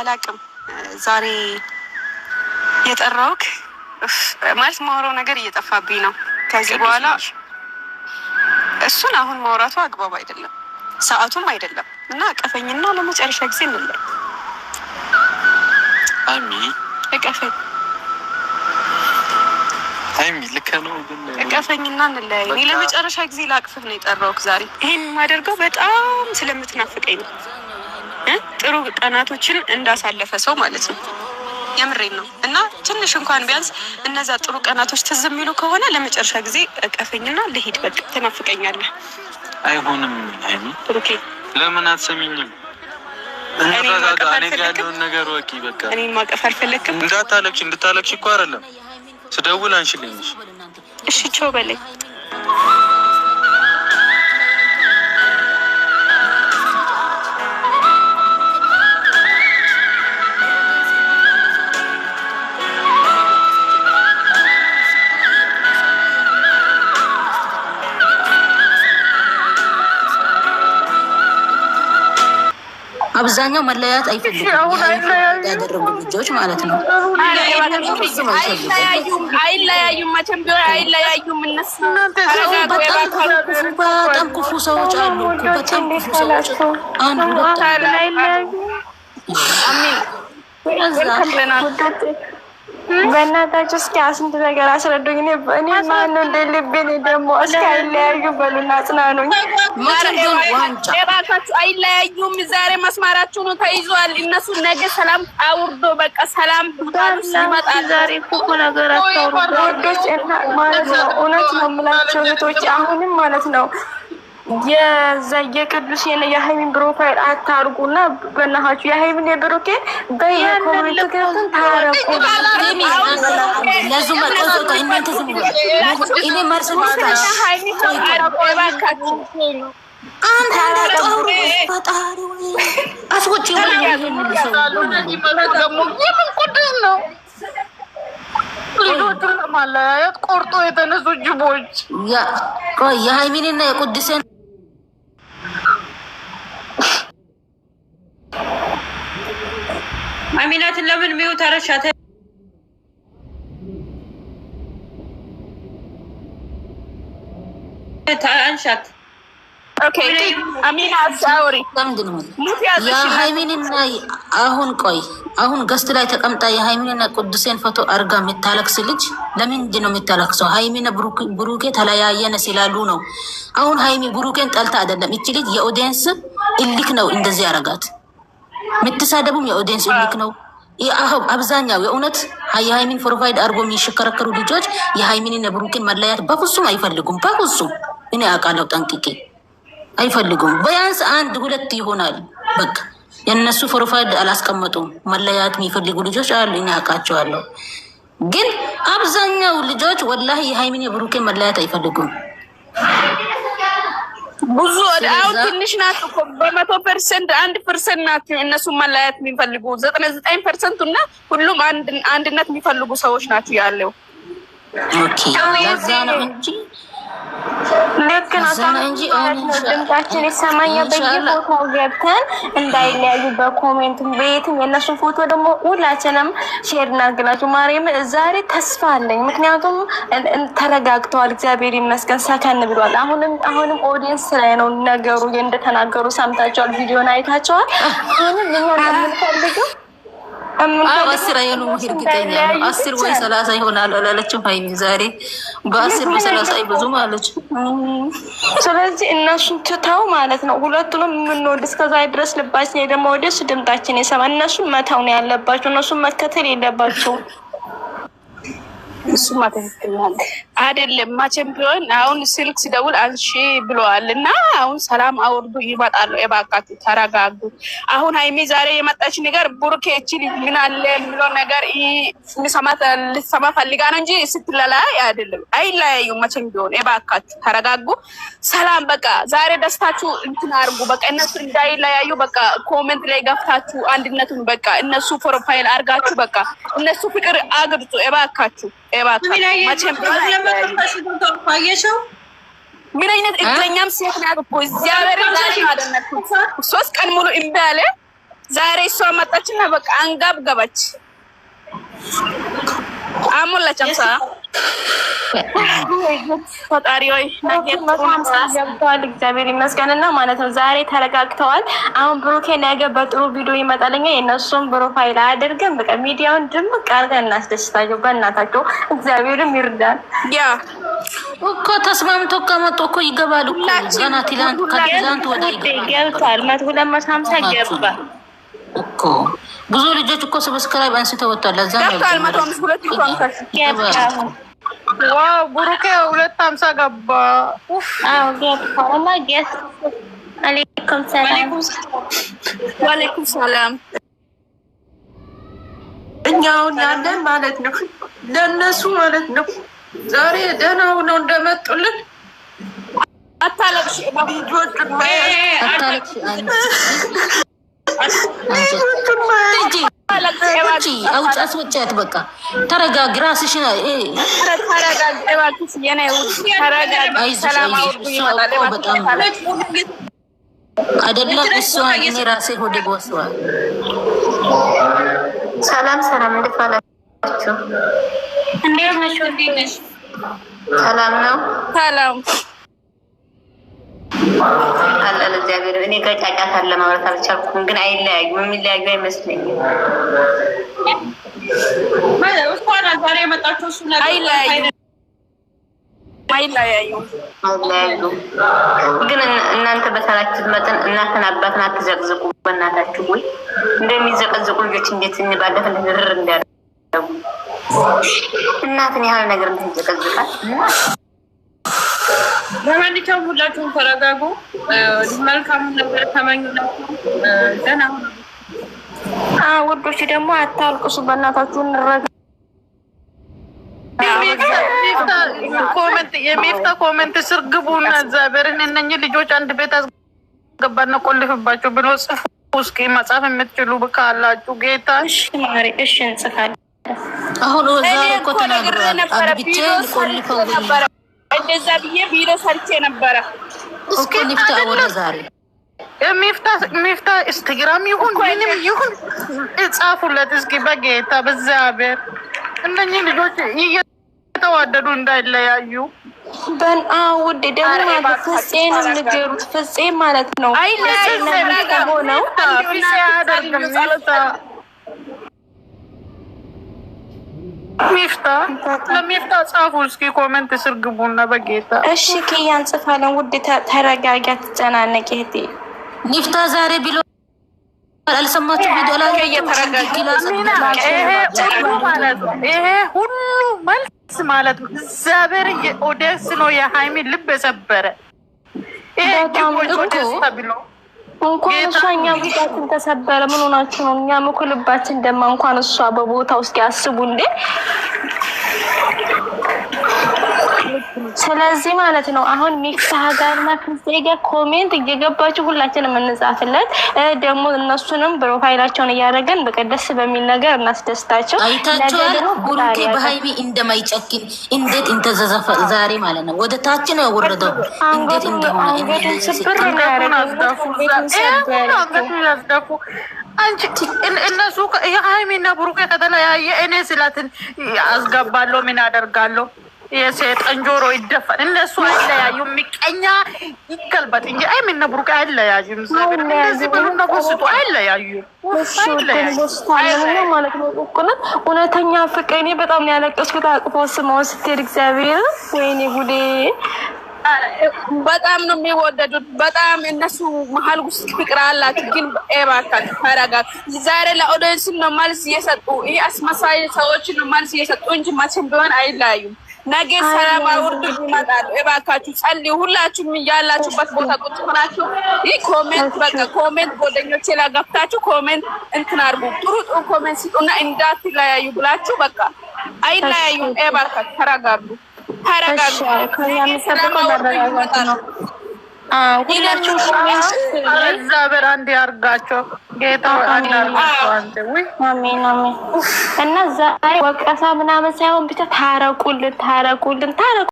አላቅም ዛሬ የጠራውክ ማለት ማውራው ነገር እየጠፋብኝ ነው። ከዚህ በኋላ እሱን አሁን ማውራቱ አግባብ አይደለም፣ ሰዓቱም አይደለም እና እቀፈኝና ለመጨረሻ ጊዜ እንለኝ። አሚ እቀፈኝ፣ ሀይሚ ልክ ነው ግን እቀፈኝና እንለያይ። እኔ ለመጨረሻ ጊዜ ላቅፍህ ነው የጠራውክ ዛሬ። ይሄን የማደርገው በጣም ስለምትናፍቀኝ ነው። ጥሩ ቀናቶችን እንዳሳለፈ ሰው ማለት ነው። የምሬን ነው እና ትንሽ እንኳን ቢያንስ እነዛ ጥሩ ቀናቶች ትዝ የሚሉ ከሆነ ለመጨረሻ ጊዜ እቀፈኝና ልሂድ፣ በቃ ትናፍቀኛለህ። አይሆንም። አይሚ ለምን አትሰሚኝም? እኔ ነገር ወቂ። በቃ እኔ ማቀፍ አልፈለግክም። እንዳታለቅሽ፣ እንድታለቅሽ እኮ አይደለም ስደውል አንሽልኝሽ። እሺ ቻው በለኝ። አብዛኛው መለያት አይፈልጉም ያደረጉ ልጆች ማለት ነው። አይለያዩም፣ መቼም ቢሆን አይለያዩም። እነሱ በጣም ክፉ ሰዎች አሉ። በጣም ክፉ ሰዎች አንድ ሁለት በእናታችሁ እስኪ ስንት ነገር አስረዱኝ። እኔ ማነው እንደ ልቤን ደግሞ እስኪ አይለያዩ በሉና አጽናኑኝ። የራሳችሁ አይለያዩም። ዛሬ መስማራችሁ ነው ተይዟል። እነሱ ነገ ሰላም አውርዶ በቃ ሰላም ይመጣል። ዛሬ እኮ ነገር አታውርዶ ወዶች ማለት ነው። እውነት ነው የምላቸው እህቶች አሁንም ማለት ነው የዛ ቅዱስ የሀይሚን ፕሮፋይል አታርጉና በናሃችሁ የሀይሚን የብሩኬን በየኮሚኒኬሽን ታረቁ። ቆርጦ የተነሱ ጅቦች የሀይሚንና አሚናትን ለምን ሚዩት አረሻት? አንሻት። አሚና አውሪ። የሀይሚንና አሁን ቆይ አሁን ገስት ላይ ተቀምጣ የሀይሚንና ቅዱሴን ፎቶ አርጋ የምታለቅስ ልጅ ለምንድን ነው የምታለቅሰው? ሀይሚና ብሩኬ ተለያየነ ስላሉ ነው። አሁን ሀይሚ ብሩኬን ጠልታ አይደለም። እች ልጅ የኦዲየንስ እልክ ነው እንደዚህ ያረጋት። የምትሳደቡም የኦዲየንስ ሊክ ነው። አብዛኛው የእውነት የሃይሚን ፕሮፋይል አድርጎ የሚሽከረከሩ ልጆች የሃይሚንን የብሩክን መለያት በፍጹም አይፈልጉም። በፍጹም እኔ አውቃለሁ ጠንቅቄ አይፈልጉም። ቢያንስ አንድ ሁለት ይሆናል። በቃ የእነሱ ፕሮፋይል አላስቀመጡም። መለያት የሚፈልጉ ልጆች አሉ፣ እኔ አውቃቸዋለሁ። ግን አብዛኛው ልጆች ወላሂ የሃይሚን የብሩክን መለያት አይፈልጉም። ብዙ አሁን ትንሽ ናት እኮ በመቶ ፐርሰንት አንድ ፐርሰንት ናት። እነሱ መለያየት የሚፈልጉ ዘጠና ዘጠኝ ፐርሰንቱ እና ሁሉም አንድነት የሚፈልጉ ሰዎች ናቸው ያለው። ኦኬ ነው እንጂ ልክ ድምጻችን ይሰማኛ በየቦታው ገብተን እንዳይለያዩ በኮሜንት ቤትም የእነሱን ፎቶ ደግሞ ሁላችንም ሼር እናግላቸው። ማርያም ዛሬ ተስፋ አለኝ፣ ምክንያቱም ተረጋግተዋል። እግዚአብሔር ይመስገን ሰከን ብሏል። አሁንም አሁንም ኦዲየንስ ላይ ነው ነገሩ። እንደተናገሩ ሰምታቸዋል፣ ቪዲዮን አይታቸዋል። አሁንም እኛ የምንፈልገው አስር አይሆኑም። እርግጠኛ ነው አስር ወይ ሰላሳ ይሆናል አላለችም ሀይሚ ዛሬ በአስር በሰላሳ ብዙም አለች። ስለዚህ እነሱን ትተው ማለት ነው ሁለቱንም የምንወድ እስከዛ ድረስ ልባችን ደግሞ ወደሱ ድምጣችን የሰማ እነሱን መተው ነው ያለባቸው። እነሱን መከተል የለባቸው እሱማ ትክክል አይደለም። መቼም ቢሆን አሁን ስልክ ሲደውል አንሺ ብለዋል እና አሁን ሰላም አውርዱ ይመጣሉ። እባካችሁ ተረጋጉ። አሁን ሀይሚ ዛሬ የመጣች ነገር ቡሩኬ እችል ምን አለ የሚለው ነገር ልሰማ ፈልጋ ነው እንጂ ስትለላይ አይደለም። አይለያዩ መቼም ቢሆን እባካችሁ ተረጋጉ። ሰላም በቃ ዛሬ ደስታችሁ እንትን አርጉ። በቃ እነሱ እንዳይለያዩ በቃ ኮመንት ላይ ገፍታችሁ አንድነቱን በቃ እነሱ ፕሮፋይል አርጋችሁ በቃ እነሱ ፍቅር አግብጡ የባካችሁ ምን አይነት እግረኛም ሴት ናት እኮ እግዚአብሔር ሶስት ቀን ሙሉ እምቢ አለ። ዛሬ እሷ መጣችና በቃ አንጋብ ገባች አሞላች አምሳ ፈጣሪ ወይ ገብተዋል። እግዚአብሔር ይመስገንና ማለት ነው። ዛሬ ተረጋግተዋል። አሁን ብሩኬ ነገ በጥሩ ቪዲዮ ይመጣልኛ። የእነሱም ፕሮፋይል አያደርግም። በቃ ሚዲያውን ድምቅ አድርገን እናስደስታቸው። በእናታቸው እግዚአብሔርም ይርዳል። ያ እኮ ተስማምቶ ከመጡ እኮ ይገባል እኮ ትላንት ከትላንት ወደ ገብቷል። መቶ ሁለት መቶ ሀምሳ ገባ እኮ ብዙ ልጆች እኮ ሰብስክራይብ አንስተው ወጥቷል። ለዛ ገብቷል። መቶ ሀምሳ ሁለት መቶ ሀምሳ ገባ ዋው ቡሩኬ ሁለት ሀምሳ ገባ። አለይኩም ሰላም ወአለይኩም ሰላም። እኛውን ያለን ማለት ነው ለእነሱ ማለት ነው። ዛሬ ደህና ሆነው እንደመጡልን አታለቅሽ ልጆቹን አውጭ አስወጪያት። በቃ ተረጋግ እራስሽን አይደለም እሷ እኔ ራሴ ሆዴ ጓስዋል። ሰላም ሰላም፣ እንዴት ዋላችሁ? እንዴት ነሽ? እንዴት ነሽ? ሰላም ነው። ሰላም እግዚአብሔር እኔ ጋር ጫጫታ ማለት አልቻልኩም፣ ግን አይለያዩም። የሚለያዩ አይመስለኝም። አይለያዩም። ግን እናንተ በተራችሁ መጠን እናትን አባትን አትዘቅዝቁ። በእናታችሁ ወይ እንደሚዘቀዝቁ ልጆች እንዴት እንባለፍ ንርር እንዳደረጉ እናትን ያህል ነገር እንትን ይዘቀዝቃል። ለማንኛውም ሁላችሁም ተረጋጉ። መልካም ነገር ተመኙላችሁ። ደህና ውዶች ደግሞ አታልቅሱ፣ በእናታችሁ እንረጋ። የሚፍታ ኮመንት ስር ግቡ እና እነኝህ ልጆች አንድ ቤት አስገባና ቆልፍባቸው ብሎ ጽፉ። እስኪ መጽሐፍ የምትችሉ ካላችሁ ጌታ ማሪ፣ እሺ እንጽፋለን። አሁን እዛ እኮ ተናግረዋል። አንድ ብቻ ቆልፈው እንደዛ ብዬ ቢሮ ሰርቼ ነበረ። ሚፍታ ኢንስታግራም ይሁን ምንም ይሁን ጻፉለት እስኪ በጌታ በእግዚአብሔር እነኚህ ልጆች እየተዋደዱ እንዳይለያዩ። በን ውድ ደግሞ ማለት ፍፄን ንገሩት። ፍፄ ማለት ነው ሆነው ሚፍታ ለሚፍታ ጻፉ እስኪ ኮመንት ስር ግቡና በጌታ እሺ። ክያን ጽፋለን። ውድ ተረጋጋ፣ ትጨናነቅ እህቴ ሚፍታ ዛሬ ብሎ አልሰማችሁ ይሄ ሁሉ መልስ ማለት ነው። እግዚአብሔር ኦዴስ ነው የሃይሚ ልብ የሰበረ ይሄ ጅቦ ደስ ተብሎ እንኳን እሷ እኛ ልባችን ተሰበረ። ምን ሆናችሁ ነው? እኛም እኮ ልባችን ደማ። እንኳን እሷ በቦታው እስኪ አስቡ እንዴ! ስለዚህ ማለት ነው አሁን ሚፍታህ ጋርና ክርስቴ ጋር ኮሜንት እየገባችሁ ሁላችን የምንጻፍለት ደግሞ እነሱንም ፕሮፋይላቸውን እያደረገን በቀደስ በሚል ነገር እናስደስታቸው። አይታችኋል ቡሩኬ በሀይቢ እንደማይጨክን እንዴት እንተዘዘፈ ዛሬ ማለት ነው ወደ ታች ነው ያወረደው። እንዴት እንደሆነስብርናያረገ እነሱ የሀይሚና ቡሩኬ ከተለያየ እኔ ስላትን አስገባለሁ ምን አደርጋለሁ የሰይጣን ጆሮ ይደፋል። እነሱ አይለያዩም። ምቀኛ ይገልበጥ እንጂ አይ ምን ነብሩከ አይለያዩም። ስለዚህ ብሉ ነጎስጡ አይለያዩም። ማለት ነው ቁቁነት እውነተኛ ፍቅር። እኔ በጣም ነው ያለቀስኩት። አቅፎ ስመውን ስትሄድ እግዚአብሔር ወይኔ ጉዴ በጣም ነው የሚወደዱት። በጣም እነሱ መሀል ውስጥ ፍቅር አላችሁ። ግን ኤባካል ተረጋግ። ዛሬ ለኦዲየንስ ነው መልስ እየሰጡ ይህ አስመሳይ ሰዎች ነው መልስ እየሰጡ እንጂ መቼም ቢሆን አይለያዩም። ነገ ሰላም አውርድ ይመጣሉ። እባካችሁ ጸልዩ። ሁላችሁም ያላችሁበት ቦታ ቁጭ ሆናችሁ ይህ ኮሜንት በቃ ኮሜንት ጓደኞቼ ላይ ገብታችሁ ኮሜንት እንትን አድርጉ። ጥሩ ጥሩ ኮሜንት ስጡና እንዳትለያዩ ብላችሁ በቃ አይለያዩም። እባካችሁ ተረጋጉ፣ ተረጋጉ። ሰላም አውርድ ይመጣሉ። ሁላችሁ እግዚአብሔር አንድ ያርጋቸው። ጌታ አንድ ያርጋቸው። እና ዛሬ ወቀሳ ምናምን ሳይሆን ብቻ ታረቁልን፣ ታረቁልን፣ ታረቁ